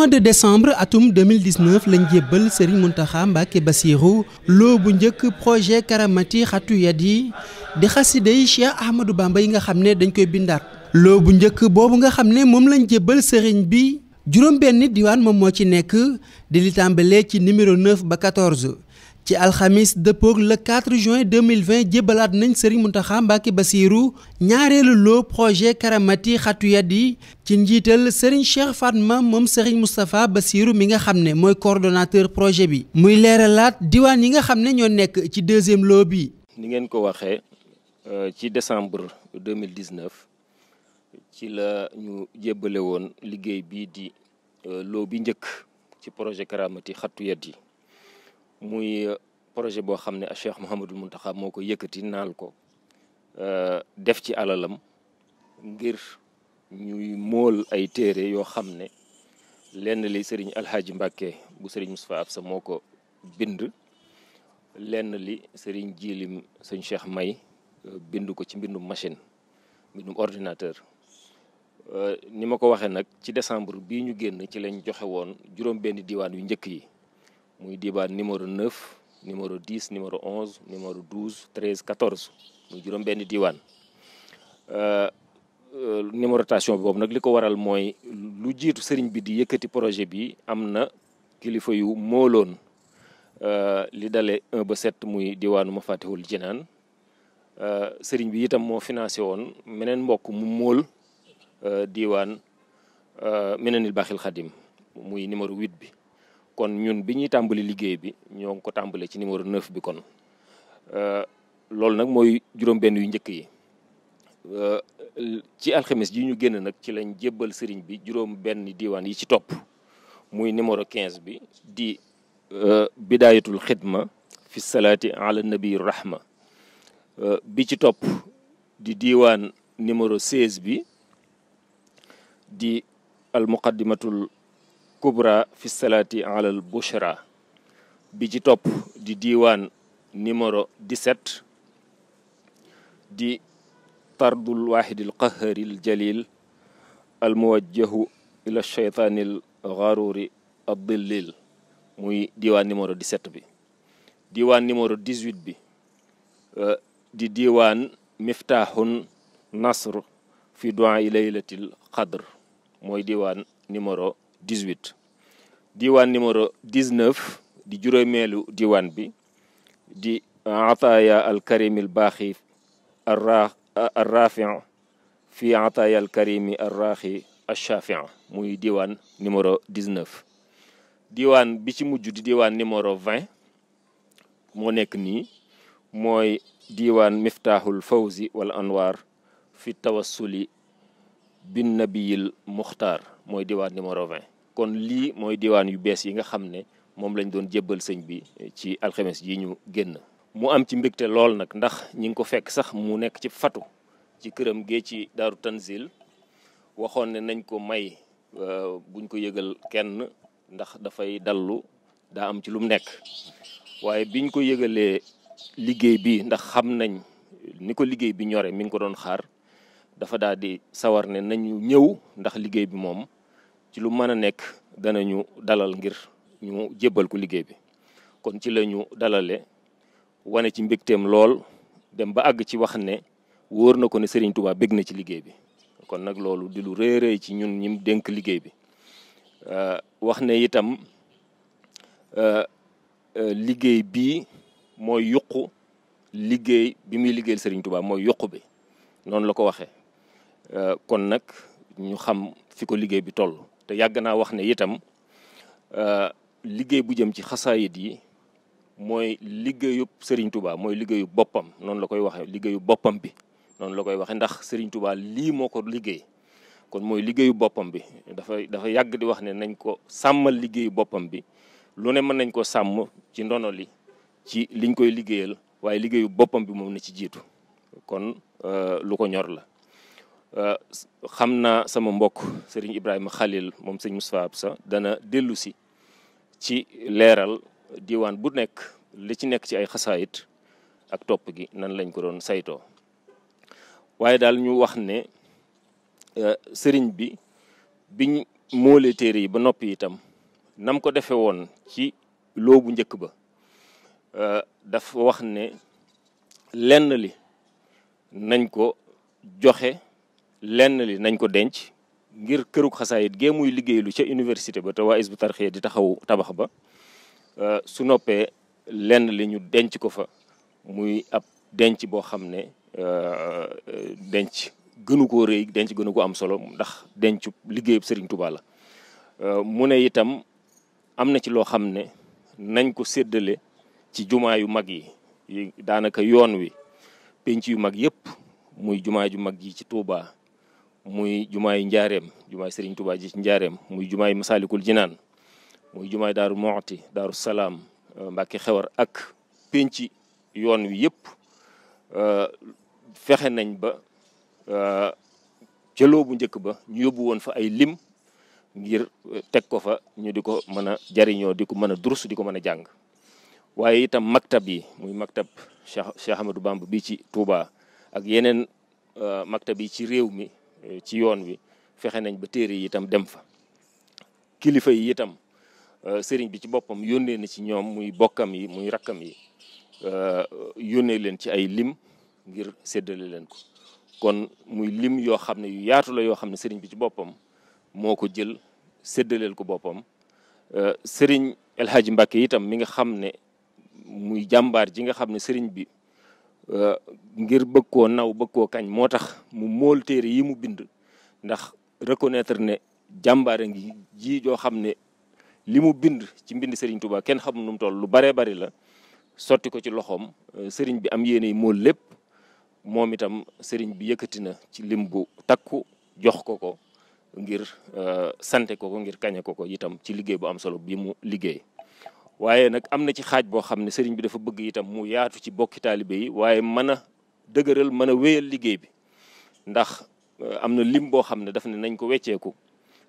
mois de décembre atum 2019 lañ jébbal Serigne Mountakha Mbacké Bassirou loo bu njëkk projet Karamati Xatu yi di xasidey Cheikh Ahmadou Bamba yi nga xam ne dañ koy bindaat loo bu njëkk boobu nga xam ne moom lañ jébbal Serigne bi juróom benn diwaan moom moo ci nekk di li tàmbalee ci numéro 9 ba 14 ci alxamis dëppoog le 4 juin 2020 jébbalaat nañ Serigne Mountakha Mbacké Bassirou ñaareelu loo projet Karamathi Khatouyat yi ci njiital Serigne Cheikh Fatma moom Serigne Moustapha Bassirou mi nga xam ne mooy coordonnateur projet bi. muy leeralaat diwaan yi nga xam ne ñoo nekk ci deuxième loo bi. ni ngeen ko waxee euh, ci décembre 2019 ci la ñu jébbale woon liggéey bii di euh, loo bi njëkk ci projet Karamathi Khatouyat yi. muy euh, projet boo xam ne Cheikh Mouhamadul Mountakha moo ko yëkkati naal ko euh, def ci alalam ngir ñuy mool ay téere yoo xam ne lenn li sëriñ Alhaji Mbàkke bu sëriñ Moustapha Absa moo ko bind lenn li sëriñ jiilim sëñ Cheikh May euh, bind ko ci mbindum machine mbindum ordinateur ni ma ko waxee nag ci décembre bii ñu génn ci lañ joxe woon juróom benn diiwaan yu njëkk yi muy diibaan numéro 9 numéro 10 numéro 11 numéro 12 13 14 muy juróom-benn diiwaan euh, euh, numérotation boobu nag li ko waral mooy lu jiitu sëriñ bi di yëkkati projet bi am na kilifa yu mooloon euh, li dale 1 ba set muy diiwaanu Mafatihul Jinaan sëriñ bi itam moo financé woon meneen mbokk mu mool diiwaan Minanil Baaxil Xadim muy numéro 8 bi. kon ñun bi ñuy tàmbali liggéey bi ñoo ngi ko tàmbalee ci numéro 9 bi kon euh, loolu nag mooy juróom-benn yu njëkk yi euh, ci alxames ji ñu génn nag ci lañ jébbal sëriñ bi juróom-benn diiwaan yi ci topp muy numéro 15 bi di euh, bidaayatul xidma fi salaati ala nabi rahma bi ci topp di diiwaan numéro 16 bi di almuqaddimatul kubra fi salaati alal bushra bi ci topp di diiwaan numéro 17 di tardul waahidil qaharil jalil al muwajjahu ila shaytaanil garuri addillil muy diiwaan numéro 17 bi diiwaan numéro 18 bi euh, di diwaan miftaaxun nasr fi duaa i laylatil qadr mooy diiwaan numéro 18 diwaan numéro di juróomeelu diwaan bi di ataaya alkarimi albaaxi arrafi fi ataaya alkarimi arraxi alshaafi muy diwaan numéro 19 diwaan bi ci mujj di diwaan numéro 20 moo nekk nii mooy diwaan miftaaxul fawzi wal anwaar fi tawassuli bin nabiyil muxtaar mooy diwaan numéro 20 kon lii mooy diwaan yu bees yi nga xam ne moom lañ doon jébbal sëñ bi eh, ci alxemes yi ñu génn mu am ci mbégte lool nag ndax ñi ngi ko fekk sax mu nekk ci fatu ci këram gee ci daaru tanzil waxoon ne nañ ko may eh, buñ ko yëgal kenn ndax dafay dallu daa am ci lu mu nekk waaye biñ ko yëgalee liggéey bi ndax xam nañ ni ko liggéey bi ñore mi ngi ko doon xaar dafa daal sawar ne nañu ñëw ndax liggéey bi moom ci lu mën a nekk danañu dalal ngir ñu jébbal ko liggéey bi kon ci lañu dalale wane ci mbégteem lool dem ba àgg ci wax ne wóor na ko ne sëriñ Touba bég na ci liggéey bi kon nag loolu di lu rëy ci ñun ñim dénk liggéey bi euh, wax ne itam euh, euh, liggéey bii mooy yuqu liggéey bi muy liggéeyal Serigne Touba mooy yuqu bi noonu la ko waxee kon nag ñu xam fi ko liggéey bi toll te yàgg naa wax ne itam euh, liggéey bu jëm ci xasaayit yi mooy liggéeyu sëriñ tubaa mooy liggéeyu boppam noonu la koy waxee liggéeyu boppam bi noonu la koy waxee ndax sëriñ Touba lii moo ko liggéey kon mooy liggéeyu boppam bi dafa dafa yàgg di wax ne nañ ko sàmmal liggéeyu boppam bi lu ne mën nañ ko sàmm ci ndono li ci liñ koy liggéeyal waaye liggéeyu boppam bi moom na ci jiitu kon euh, lu ko ñor la Euh, xam naa sama mbokk sëriñ Ibrahima Khalil moom sëñ Moustapha Absa dana dellusi ci leeral diwaan bu nekk li ci nekk ci ay xasaayit ak topp gi nan lañ ko doon saytoo waaye daal ñu wax ne euh, sëriñ bi biñ moolee téere yi ba noppi itam nam ko defe woon ci loobu njëkk ba euh, dafa wax ne lenn li nañ ko joxe lenn li nañ ko denc ngir këruk xasaayit gee muy liggéeylu ca université ba te waa Hizbut Tarqiyyah di taxawu tabax ba euh, su noppee lenn li ñu denc ko fa muy ab denc boo xam ne euh, denc gënu ko rëy denc gënu ko am solo ndax denc liggéeyub Serigne Touba la euh, mu ne itam am na ci loo xam ne nañ ko séddale ci jumaa yu mag yi daanaka yoon wi penc yu mag yëpp muy jumaa yu mag yi ci Touba muy jumaay njaareem jumaay Serigne Touba ji ci njaareem muy jumaay Masalikul Jinaan muy jumaay Daaru Moxti Daaru Salaam euh, Mbàkke Xewar ak pénci yoon wi yëpp euh, fexe nañ ba jëloo euh, bu njëkk ba ñu yóbbu woon fa ay lim ngir teg ko fa ñu di ko mën a jariñoo di ko mën a durus di ko mën a jàng waaye itam maktab yi muy maktab Cheikh Cheikh bi ci Touba ak yeneen maktab yi ci réew mi Eh, ci yoon wi fexe nañ ba téere yi itam dem fa kilifa yi itam eh, sëriñ bi ci boppam yónnee na ci ñoom muy bokkam yi muy rakkam yi eh, yónnee leen ci ay lim ngir séddale leen ko kon muy lim yoo xam ne yu yaatu la yoo xam ne sëriñ bi ci boppam moo ko jël séddaleel ko boppam sëriñ El Hadj Mbacke itam mi nga xam ne muy jàmbaar ji nga xam ne sëriñ bi Euh, ngir bëgg koo naw bëgg koo kañ moo tax mu mool téere yi mu bind ndax reconnaître ne jàmbaare ngi ji joo xam ne li mu bind ci mbind Serigne Touba kenn xam nu mu toll lu baree bari la sotti ko ci loxoom euh, Serigne bi am yéenay mool lépp moom itam sëriñ bi yëkkati na ci lim bu takku jox ko ko ngir euh, sante ko ko ngir kañe ko ko itam ci liggéey bu am solo bi mu liggéey. waaye nag am na ci xaaj boo xam ne sëriñ bi dafa bëgg itam mu yaatu ci bokki taalibe yi waaye mën a dëgëral mën a wéyal liggéey bi ndax euh, am na lim boo xam ne daf ne nañ ko wecceeku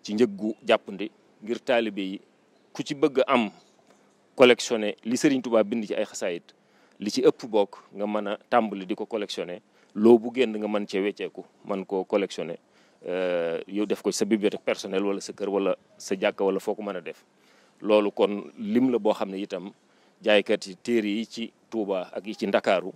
ci njëg gu jàppandi ngir taalibe yi ku ci bëgg am collectionné li sëriñ Tuubaa bind ci ay xasaayit li ci ëpp bokk nga mën a tàmbali di ko collectionné loo bu génn nga mën cee wecceeku mën koo collectionné euh, yow def ko ci sa bibliothèque personnel wala sa kër wala sa jàkka wala foo ko mën a def loolu kon lim la boo xam ne itam jaaykat yi téere yi ci Touba ak yi ci Ndakaaru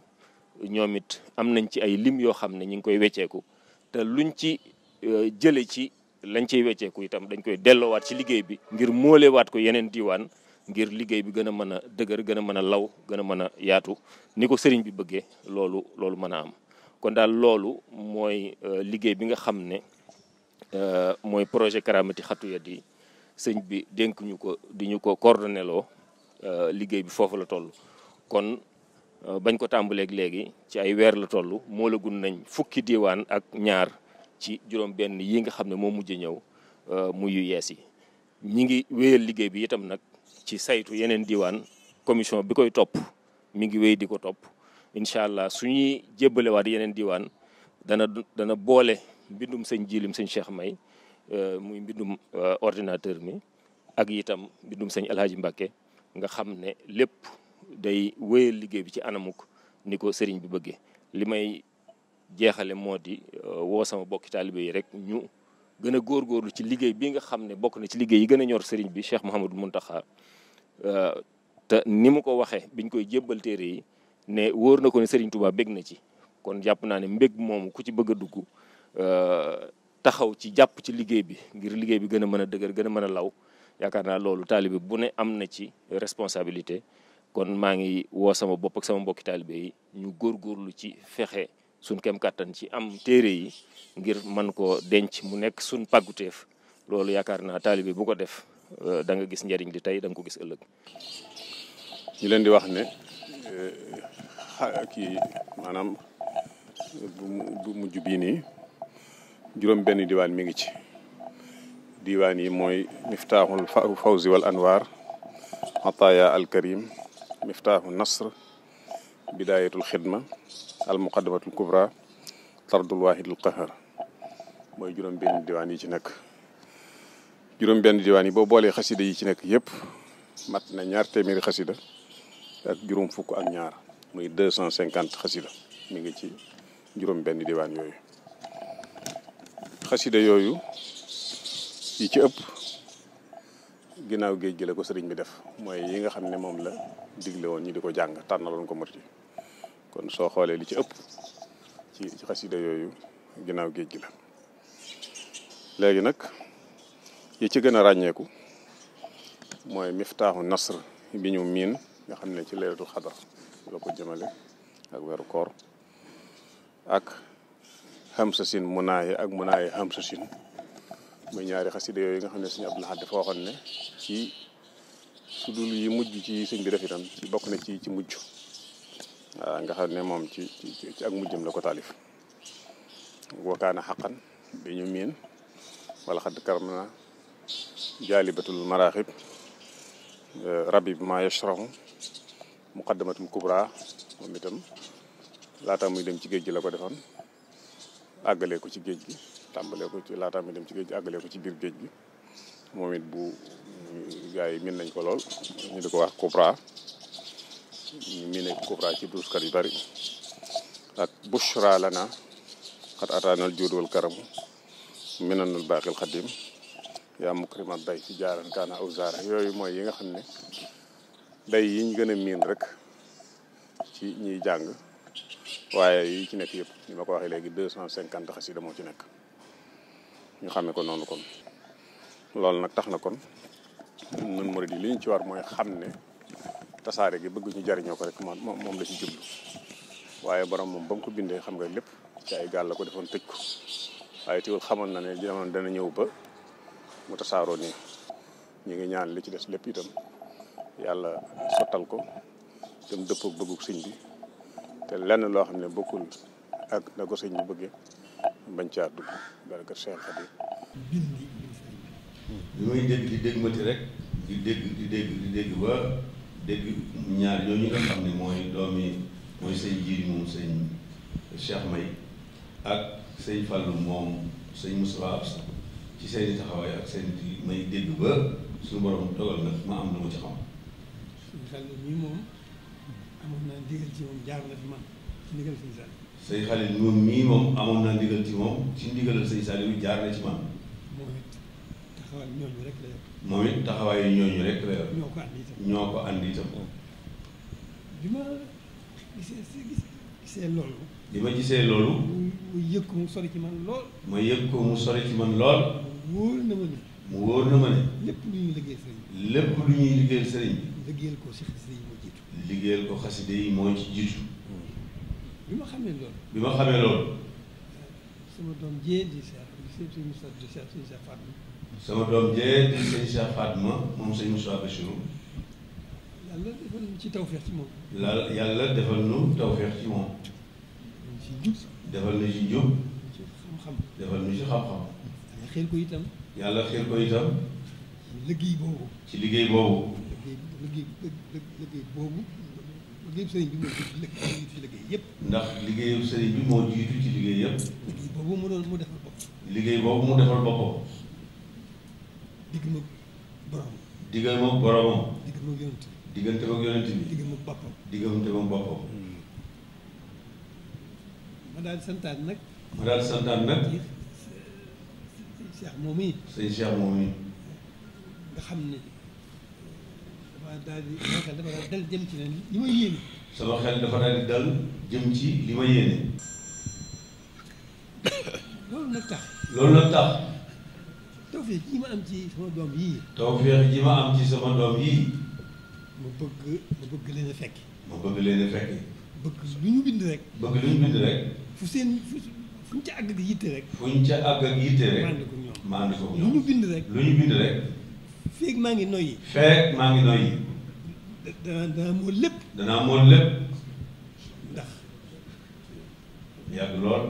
ñoom it am nañ ci ay lim yoo xam ne ñu ngi koy wecceeku te lu luñ ci e, jële ci lañ ciy wecceeku itam dañ koy delloowaat ci liggéey bi ngir móolewaat ko yeneen diwaan ngir liggéey bi gën a mën a dëgër gën a mën a law gën a mën a yaatu ni ko sëriñ bi bëggee loolu loolu mën a am kon daal loolu mooy e, liggéey bi nga xam ne e, mooy projet Karaamati Xattu Yadi sëñ bi dénk ñu ko di ñu ko coordonné loo euh, liggéey bi foofu la toll kon euh, bañ ko tàmbaleeg léegi ci ay weer la toll moo la gun nañ fukki diwaan ak ñaar ci juróom benn yi nga xam ne moo mujj ñëw euh, muy yees yi ñi ngi wéyal liggéey bi itam nag ci saytu yeneen diwaan commission bi koy topp mi ngi wéy di ko topp incha allah su ñuy jébbalewaat yeneen diwaan dana dana boole mbindum sëñ jiilim sëñ Cheikh May Euh, muy mbindum euh, ordinateur mi ak itam mbindum sëñ Alhaji Mbàkke nga xam ne lépp day wéyal liggéey bi ci anamuk ni ko sëriñ bi bëggee li may jeexale moo di euh, woo sama bokki taalibe yi rek ñu gën a góorgóorlu ci liggéey bi nga xam ne bokk na ci liggéey yi gën a ñor sëriñ bi Cheikh Mouhamadou Mountakha te ni mu ko waxee biñ koy jébbal téere yi ne wóor na ko ne sëriñ Touba bég na ci kon jàpp naa ne mbég moomu ku ci bëgg a dugg taxaw ci jàpp ci liggéey bi ngir liggéey bi gën a mën a dëgër gën a mën a law yaakaar naa loolu taalibe bu ne am na ci responsabilité kon maa ngi woo sama bopp ak sama mbokki taalibe yi ñu góorgóorlu ci fexe suñ kem kàttan ci am téere yi ngir man ko denc mu nekk suñ pàgguteef loolu yaakaar naa taalibe bu ko def euh, da nga gis njariñ li tey da ko gis ëllëg ñu leen di wax ne euh, kii maanaam bu mujj bii nii juróom benn diwaan mi ngi ci diwaan yi mooy miftaaxul fawzi wal anwaar ataaya al karim miftaaxu nasr bidaayatul xidma al muqaddamatul kubra tardul waahidul qahar mooy juróom benn diwaan yi ci nekk juróom benn diwaan yi boo boolee xasida yi ci nekk yëpp mat na ñaar téeméeri xasida ak juróom fukk ak ñaar muy deux cent cinquante xasida mi ngi ci juróom benn diwaan yooyu xasida yooyu yi ci ëpp ginnaaw géej gi la ko sëriñ bi def mooy yi nga xam ne moom la digle woon ñi di ko jàng tànnaloon ko murit yi kon soo xoolee li ci ëpp ci ci xasida yooyu ginnaaw géej gi la léegi nag yi ci gën a ràññeeku mooy miftaaxu nasr bi ñu miin nga xam ne ci leeratul xadar la ko jëmale ak weeru koor ak Hamsa Sine Munaaye ak Munaaye Hamsa Sine muy ñaari xasida yooyu nga xam ne suñu Abdou Lahad dafa waxoon ne ci su yi mujj ci sëñ bi def itam ci bokk na ci ci mujj waaw nga xam ne moom ci ci ak mujjam la ko taalif wakaana xaqan bi ñu miin wala xadd karam na jaalibatul maraaxib eh, rabib ma yashrahu muqaddamatul kubra moom itam laata muy dem ci géej gi la ko defoon àggalee ko ci géej gi tàmbale ko ci laata mi dem ci géej gi àggalee ko ci biir géej gi moom it bu gars yi min nañ ko lool ñu di ko wax Cobra ñu miinee Cobra ci duuskat yu bari ak Bushra lana xat ataanal juudul karamu minanul baaxil xadim yaa mukrima bay ci jaaran kaana aw zaara yooyu mooy yi nga xam ne bay yiñ gën a miin rek ci ñiy jàng waaye yi ci nekk yëpp li ma ko waxee léegi deux cent cinquante xasida moo ci nekk ñu xamee ko noonu kon loolu nag tax na kon nun murid yi li ñu ci war mooy xam ne tasaare gi bëgg ñu jariñoo ko rek moom la ci jublu waaye borom moom ba mu ko bindee xam nga lépp ci ay gaal la ko defoon tëj ko waaye teewul xamoon na ne jamono dana ñëw ba mu tasaaroo nii ñu ngi ñaan li ci des lépp itam yàlla sottal ko dem dëppoo bëggug sëñ bi te lenn loo xam ne bokkul ak na ko sëñ bi bëggee bañ caa dugg barka Cheikh Xadim li may dégg di dégg mati rek di dégg di dégg ba dégg ñaar yooyu nga xam ne mooy doomi mooy sëñ jiir moom sëñ Cheikh May ak sëñ Fallou moom sëñ Moustapha ci seen taxawaay ak seen may dégg ba suñu borom dogal nag ma am lu ma ci xam. sëñ Fallou mii moom. amoon naa ndigal ci moom jaar na fi man ci ndigal sëñ Saliou. sëñ Khalil moom mii moom amoon naa ndigal ci moom ci ndigalal sëñ Saliou jaar na ci man. moom it taxawaayu ñooñu rek la yor. moom it taxawaayu ñooñu rek la yor. ñoo ko andi itam ñoo bi ma gisee gisee loolu. bi ma gisee loolu. mu yëg ko mu sori ci man lool. ma yëg mu sori ci lool. wóor na ma mu wóor na ma ne. lépp lu ñuy liggéey sëriñ bi. lépp lu ñuy liggéeyal sëriñ bi. liggéeyal ko si xasida yi moo jiitu. liggéeyal ko xasida yi moo ci jiitu. bi ma xamee loolu. bi ma xamee loolu. sama doom jee di seet di seet Moussa di seet suñu Cheikh Fatma. sama doom jee di sëñ Cheikh Fatma moom sëñ Moussa Bachir. yàlla defal nu ci tawféex ci moom. la yàlla defal nu tawféex ci moom. defal nu ci njub. defal nu ci xam-xam. defal nu ci xam-xam. yàlla xëy ko itam. yàlla xel ko itam. ci liggéey boobu. ci liggéey boobu. liggéey liggéey boobu ci liggéey yëpp. ndax liggéeyu sëriñ bi ci liggéey yëpp. liggéey boobu mu doon mu defal boppam. liggéey boobu mu defal boppam. digg ma borom. diggal ma boromam. digg ma yonent diggante ma bi. digg ma boppam. diggante ma boppam. Hmm. ma daal di santaat nag. ma daal di nag. Cheikh moom yi sëñ Cheikh nga xam ne dafa daal di sama xel dafa jëm ci li ma yéene sama xel dafa daal di dal jëm ci li ma yéene loolu nag tax loolu nag tax tawfeex ji ma am ci sama doom yii tawfeex ji ma am ci sama doom yii ma bëgg mu bëgg leen a fekk ma bëgg leen fekk bëgg lu ñu bind rek bëgg lu ñu bind rek fu seen fu ñu ca àgg ak yitte rek fu ñu ca àgg ak yitte rek ma andi ko lu ñu bind rek lu ñu bind rek. feeg maa ngi noyyi. feeg maa ngi noyyi. danaa danaa mool lépp. danaa mool lépp. ndax. yàgg lool.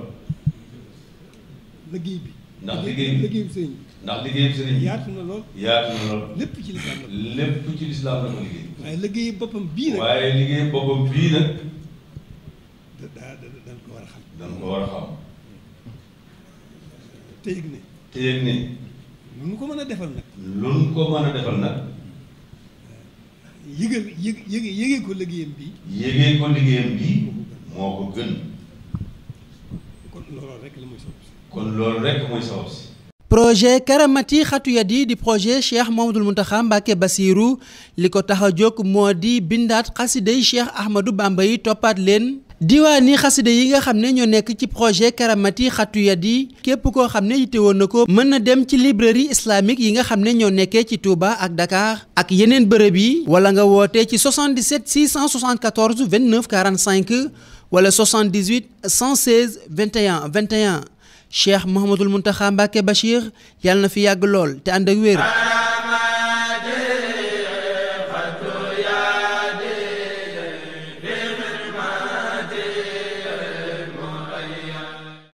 liggéey bi. ndax liggéey bi liggéey bi sëriñ bi. ndax liggéey bi sëriñ bi yaatu na lool. yaatu na lool. lépp ci lislaam la. lépp ci lislaam la ko liggéey. waaye liggéey boppam bii nag. waaye liggéey boppam bii nag. da daa da dañ ko war a xam. dañ ko war a xam. te yëg ne. te yëg lu nu ko mën a defal nag lu nu ko mën a defal nag yëgal yëg yëge ko liggéeyam bi moo ko gën kon loolu rek mooy sabab si projet karamati xatu yadi di projet cheikh Mouhamadoul Mountakha Mbacké Bassirou li ko tax a jóg moo di bindaat xasiday cheikh Ahmadou Bamba yi toppaat leen diwaani xasida yi nga xam ne ñoo nekk ci projet karamati xatu yadi képp koo xam ne te woon na ko mën na dem ci librairie islamique yi nga xam ne ñoo nekkee ci Touba ak Dakar ak yeneen bërëb yi wala nga woote ci 77 674 29 45 wala 78 116 21 21 Cheikh Mouhamadul Mountakha Mbacké Bachir yàlla na fi yàgg lool te ànd ak wér.